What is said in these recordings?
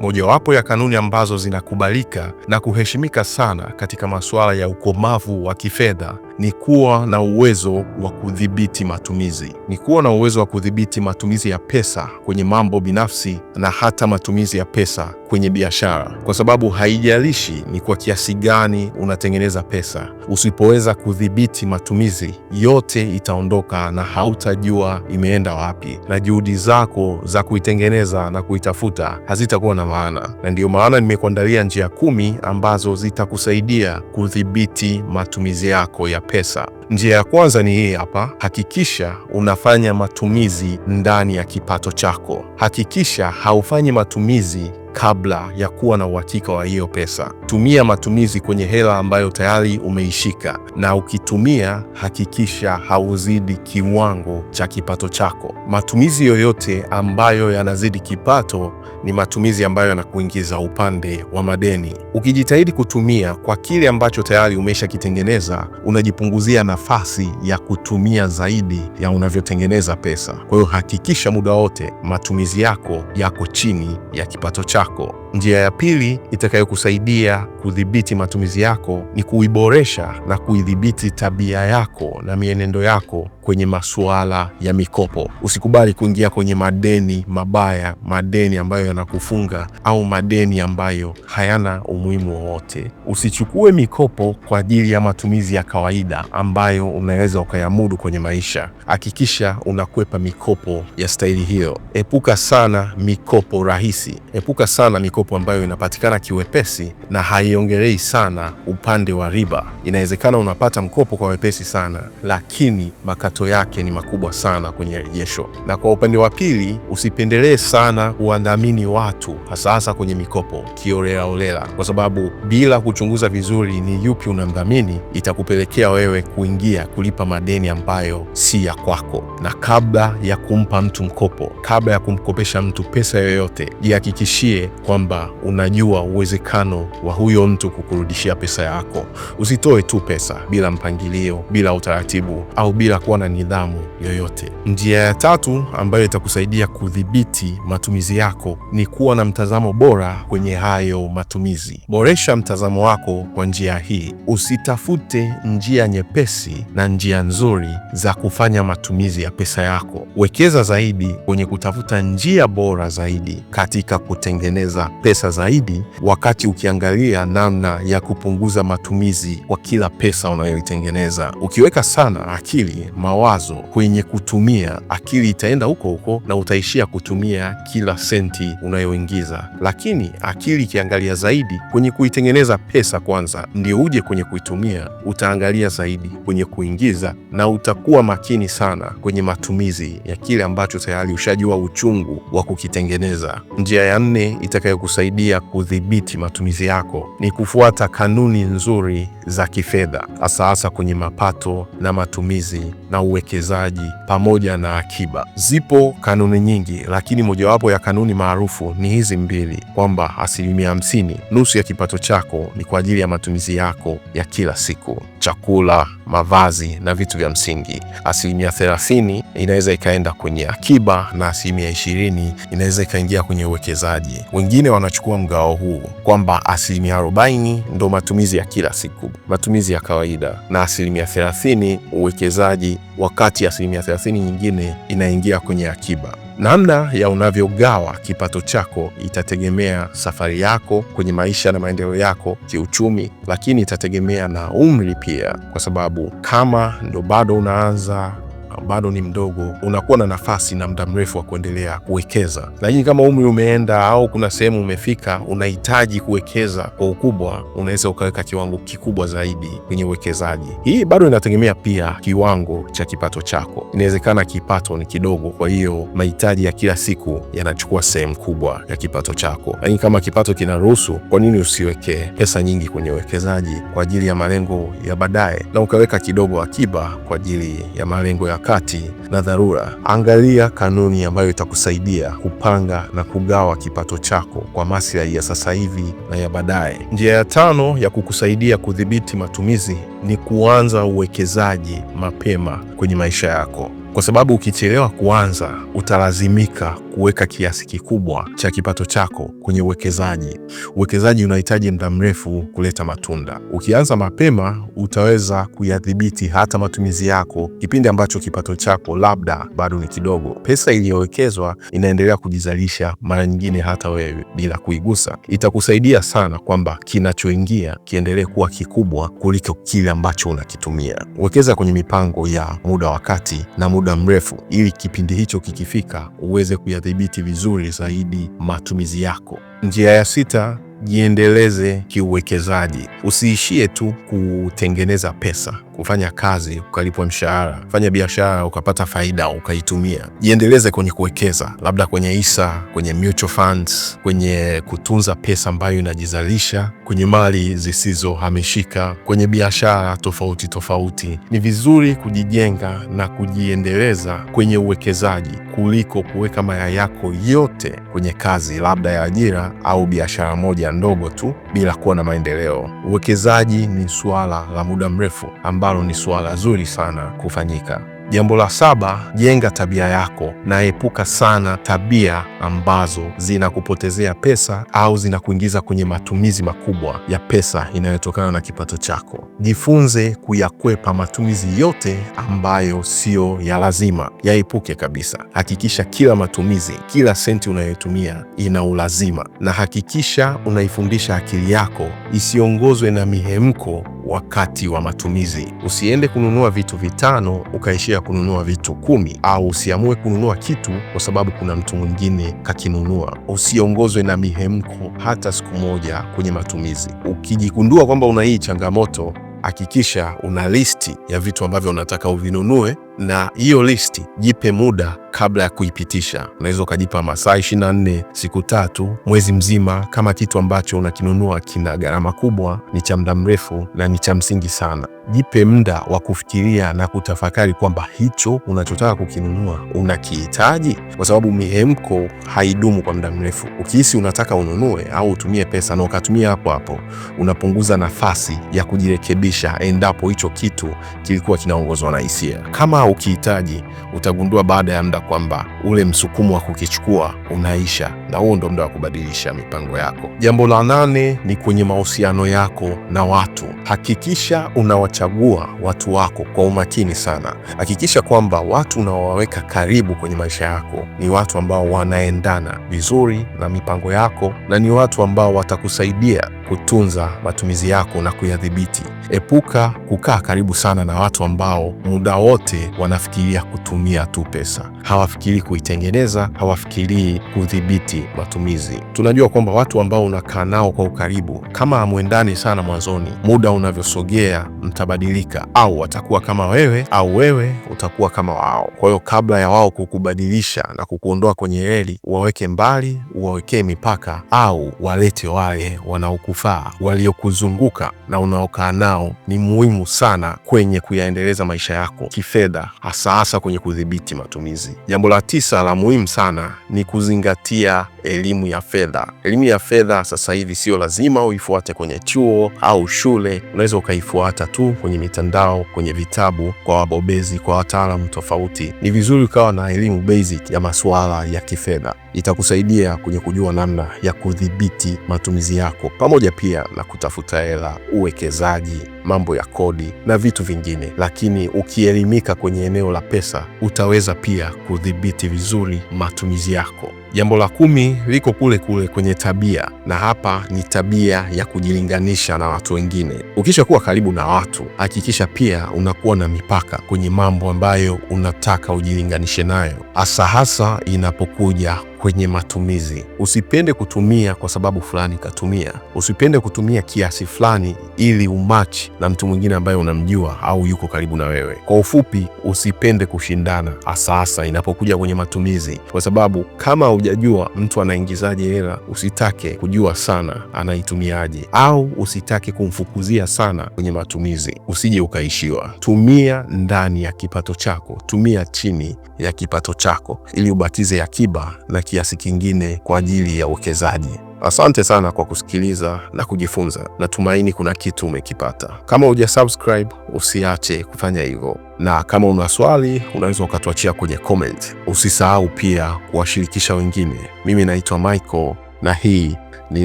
mojawapo ya kanuni ambazo zinakubalika na kuheshimika sana katika masuala ya ukomavu wa kifedha ni kuwa na uwezo wa kudhibiti matumizi, ni kuwa na uwezo wa kudhibiti matumizi ya pesa kwenye mambo binafsi na hata matumizi ya pesa kwenye biashara, kwa sababu haijalishi ni kwa kiasi gani unatengeneza pesa, usipoweza kudhibiti matumizi yote itaondoka na hautajua imeenda wapi, na juhudi zako za kuitengeneza na kuitafuta hazitakuwa na maana. Na ndiyo maana nimekuandalia njia kumi ambazo zitakusaidia kudhibiti matumizi yako ya pesa. Njia ya kwanza ni hii hapa. Hakikisha unafanya matumizi ndani ya kipato chako. Hakikisha haufanyi matumizi kabla ya kuwa na uhakika wa hiyo pesa. Tumia matumizi kwenye hela ambayo tayari umeishika, na ukitumia hakikisha hauzidi kiwango cha kipato chako. Matumizi yoyote ambayo yanazidi kipato ni matumizi ambayo yanakuingiza upande wa madeni. Ukijitahidi kutumia kwa kile ambacho tayari umeshakitengeneza, unajipunguzia na nafasi ya kutumia zaidi ya unavyotengeneza pesa. Kwa hiyo hakikisha muda wote matumizi yako yako chini ya kipato chako. Njia ya pili itakayokusaidia kudhibiti matumizi yako ni kuiboresha na kuidhibiti tabia yako na mienendo yako kwenye masuala ya mikopo. Usikubali kuingia kwenye madeni mabaya, madeni ambayo yanakufunga au madeni ambayo hayana umuhimu wowote. Usichukue mikopo kwa ajili ya matumizi ya kawaida ambayo unaweza ukayamudu kwenye maisha. Hakikisha unakwepa mikopo ya staili hiyo. Epuka sana mikopo rahisi, epuka sana mikopo mikopo ambayo inapatikana kiwepesi na haiongelei sana upande wa riba. Inawezekana unapata mkopo kwa wepesi sana, lakini makato yake ni makubwa sana kwenye rejesho. Na kwa upande wa pili, usipendelee sana kuwadhamini watu, hasa hasa kwenye mikopo kiolelaolela, kwa sababu bila kuchunguza vizuri ni yupi unamdhamini, itakupelekea wewe kuingia kulipa madeni ambayo si ya kwako. Na kabla ya kumpa mtu mkopo, kabla ya kumkopesha mtu pesa yoyote, jihakikishie kwamba kwamba unajua uwezekano wa huyo mtu kukurudishia pesa yako. Usitoe tu pesa bila mpangilio, bila utaratibu, au bila kuwa na nidhamu yoyote. Njia ya tatu ambayo itakusaidia kudhibiti matumizi yako ni kuwa na mtazamo bora kwenye hayo matumizi. Boresha mtazamo wako kwa njia hii: usitafute njia nyepesi na njia nzuri za kufanya matumizi ya pesa yako. Wekeza zaidi kwenye kutafuta njia bora zaidi katika kutengeneza pesa zaidi, wakati ukiangalia namna ya kupunguza matumizi kwa kila pesa unayoitengeneza. Ukiweka sana akili, mawazo kwenye kutumia, akili itaenda huko huko na utaishia kutumia kila senti unayoingiza. Lakini akili ikiangalia zaidi kwenye kuitengeneza pesa kwanza, ndio uje kwenye kuitumia, utaangalia zaidi kwenye kuingiza na utakuwa makini sana kwenye matumizi ya kile ambacho tayari ushajua uchungu wa kukitengeneza. Njia ya nne itakayo kusaidia kudhibiti matumizi yako ni kufuata kanuni nzuri za kifedha, hasa hasa kwenye mapato na matumizi na uwekezaji pamoja na akiba. Zipo kanuni nyingi, lakini mojawapo ya kanuni maarufu ni hizi mbili, kwamba asilimia hamsini, nusu ya kipato chako ni kwa ajili ya matumizi yako ya kila siku, chakula, mavazi na vitu vya msingi. Asilimia thelathini inaweza ikaenda kwenye akiba na asilimia ishirini inaweza ikaingia kwenye uwekezaji. Wengine wanachukua mgao huu kwamba asilimia arobaini ndo matumizi ya kila siku, matumizi ya kawaida, na asilimia thelathini uwekezaji, wakati asilimia thelathini nyingine inaingia kwenye akiba. Namna ya unavyogawa kipato chako itategemea safari yako kwenye maisha na maendeleo yako kiuchumi, lakini itategemea na umri pia, kwa sababu kama ndo bado unaanza bado ni mdogo, unakuwa na nafasi na muda mrefu wa kuendelea kuwekeza. Lakini kama umri umeenda au kuna sehemu umefika, unahitaji kuwekeza kwa ukubwa, unaweza ukaweka kiwango kikubwa zaidi kwenye uwekezaji. Hii bado inategemea pia kiwango cha kipato chako. Inawezekana kipato ni kidogo, kwa hiyo mahitaji ya kila siku yanachukua sehemu kubwa ya kipato chako, lakini kama kipato kinaruhusu, kwa nini usiweke pesa nyingi kwenye uwekezaji kwa ajili ya malengo ya baadaye na ukaweka kidogo akiba kwa ajili ya malengo ya mikakati na dharura. Angalia kanuni ambayo itakusaidia kupanga na kugawa kipato chako kwa maslahi ya sasa hivi na ya baadaye. Njia ya tano ya kukusaidia kudhibiti matumizi ni kuanza uwekezaji mapema kwenye maisha yako, kwa sababu ukichelewa kuanza utalazimika kuweka kiasi kikubwa cha kipato chako kwenye uwekezaji. Uwekezaji unahitaji muda mrefu kuleta matunda. Ukianza mapema, utaweza kuyadhibiti hata matumizi yako kipindi ambacho kipato chako labda bado ni kidogo. Pesa iliyowekezwa inaendelea kujizalisha, mara nyingine hata wewe bila kuigusa. Itakusaidia sana kwamba kinachoingia kiendelee kuwa kikubwa kuliko kile ambacho unakitumia. Wekeza kwenye mipango ya muda wa kati na muda mrefu, ili kipindi hicho kikifika uweze kuyadhibiti kudhibiti vizuri zaidi matumizi yako. Njia ya sita, jiendeleze kiuwekezaji. Usiishie tu kutengeneza pesa, kufanya kazi ukalipwa mshahara, fanya biashara ukapata faida ukaitumia, jiendeleze kwenye kuwekeza, labda kwenye hisa, kwenye mutual funds, kwenye kutunza pesa ambayo inajizalisha, kwenye mali zisizohamishika, kwenye biashara tofauti tofauti. Ni vizuri kujijenga na kujiendeleza kwenye uwekezaji kuliko kuweka maya yako yote kwenye kazi labda ya ajira au biashara moja ndogo tu bila kuwa na maendeleo. Uwekezaji ni suala la muda mrefu amba ambalo ni suala zuri sana kufanyika. Jambo la saba, jenga tabia yako na epuka sana tabia ambazo zinakupotezea pesa au zinakuingiza kwenye matumizi makubwa ya pesa inayotokana na kipato chako. Jifunze kuyakwepa matumizi yote ambayo siyo ya lazima, yaepuke kabisa. Hakikisha kila matumizi, kila senti unayotumia ina ulazima, na hakikisha unaifundisha akili yako isiongozwe na mihemko wakati wa matumizi. Usiende kununua vitu vitano ukaishia ya kununua vitu kumi, au usiamue kununua kitu kwa sababu kuna mtu mwingine kakinunua. Usiongozwe na mihemko hata siku moja kwenye matumizi. Ukijigundua kwamba una hii changamoto, hakikisha una listi ya vitu ambavyo unataka uvinunue na hiyo listi jipe muda kabla ya kuipitisha. Unaweza ukajipa masaa 24, siku tatu, mwezi mzima. Kama kitu ambacho unakinunua kina gharama kubwa, ni cha muda mrefu na ni cha msingi sana, jipe muda wa kufikiria na kutafakari kwamba hicho unachotaka kukinunua unakihitaji, kwa sababu mihemko haidumu kwa muda mrefu. Ukihisi unataka ununue au utumie pesa na ukatumia hapo hapo, unapunguza nafasi ya kujirekebisha endapo hicho kitu kilikuwa kinaongozwa na hisia kama au ukihitaji, utagundua baada ya muda kwamba ule msukumo wa kukichukua unaisha, na huo ndo muda wa kubadilisha mipango yako. Jambo la nane ni kwenye mahusiano yako na watu. Hakikisha unawachagua watu wako kwa umakini sana. Hakikisha kwamba watu unaowaweka karibu kwenye maisha yako ni watu ambao wanaendana vizuri na mipango yako na ni watu ambao watakusaidia kutunza matumizi yako na kuyadhibiti. Epuka kukaa karibu sana na watu ambao muda wote wanafikiria kutumia tu pesa, hawafikirii kuitengeneza, hawafikirii kudhibiti matumizi. Tunajua kwamba watu ambao unakaa nao kwa ukaribu, kama hamwendani sana mwanzoni, muda unavyosogea mtabadilika, au watakuwa kama wewe au wewe utakuwa kama wao. Kwa hiyo kabla ya wao kukubadilisha na kukuondoa kwenye reli, waweke mbali, uwawekee mipaka, au walete wale wanaoku manufaa waliokuzunguka na unaokaa nao ni muhimu sana kwenye kuyaendeleza maisha yako kifedha, hasa hasa kwenye kudhibiti matumizi. Jambo la tisa la muhimu sana ni kuzingatia elimu ya fedha. Elimu ya fedha sasa hivi sio lazima uifuate kwenye chuo au shule, unaweza ukaifuata tu kwenye mitandao, kwenye vitabu, kwa wabobezi, kwa wataalamu tofauti. Ni vizuri ukawa na elimu basic ya masuala ya kifedha, itakusaidia kwenye kujua namna ya kudhibiti matumizi yako, pamoja pia na kutafuta hela, uwekezaji, mambo ya kodi na vitu vingine. Lakini ukielimika kwenye eneo la pesa, utaweza pia kudhibiti vizuri matumizi yako. Jambo la kumi liko kule kule kwenye tabia, na hapa ni tabia ya kujilinganisha na watu wengine. Ukisha kuwa karibu na watu, hakikisha pia unakuwa na mipaka kwenye mambo ambayo unataka ujilinganishe nayo hasa hasa inapokuja kwenye matumizi. Usipende kutumia kwa sababu fulani katumia, usipende kutumia kiasi fulani ili umachi na mtu mwingine ambaye unamjua au yuko karibu na wewe. Kwa ufupi, usipende kushindana, hasa hasa inapokuja kwenye matumizi, kwa sababu kama hujajua mtu anaingizaje hela, usitake kujua sana anaitumiaje, au usitake kumfukuzia sana kwenye matumizi, usije ukaishiwa. Tumia ndani ya kipato chako, tumia chini ya kipato chako chako ili ubatize akiba na kiasi kingine kwa ajili ya uwekezaji. Asante sana kwa kusikiliza na kujifunza. Natumaini kuna kitu umekipata. Kama uja subscribe, usiache kufanya hivyo, na kama una swali unaweza ukatuachia kwenye comment. Usisahau pia kuwashirikisha wengine. Mimi naitwa Michael na hii ni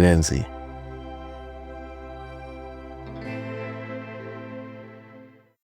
Lenzi.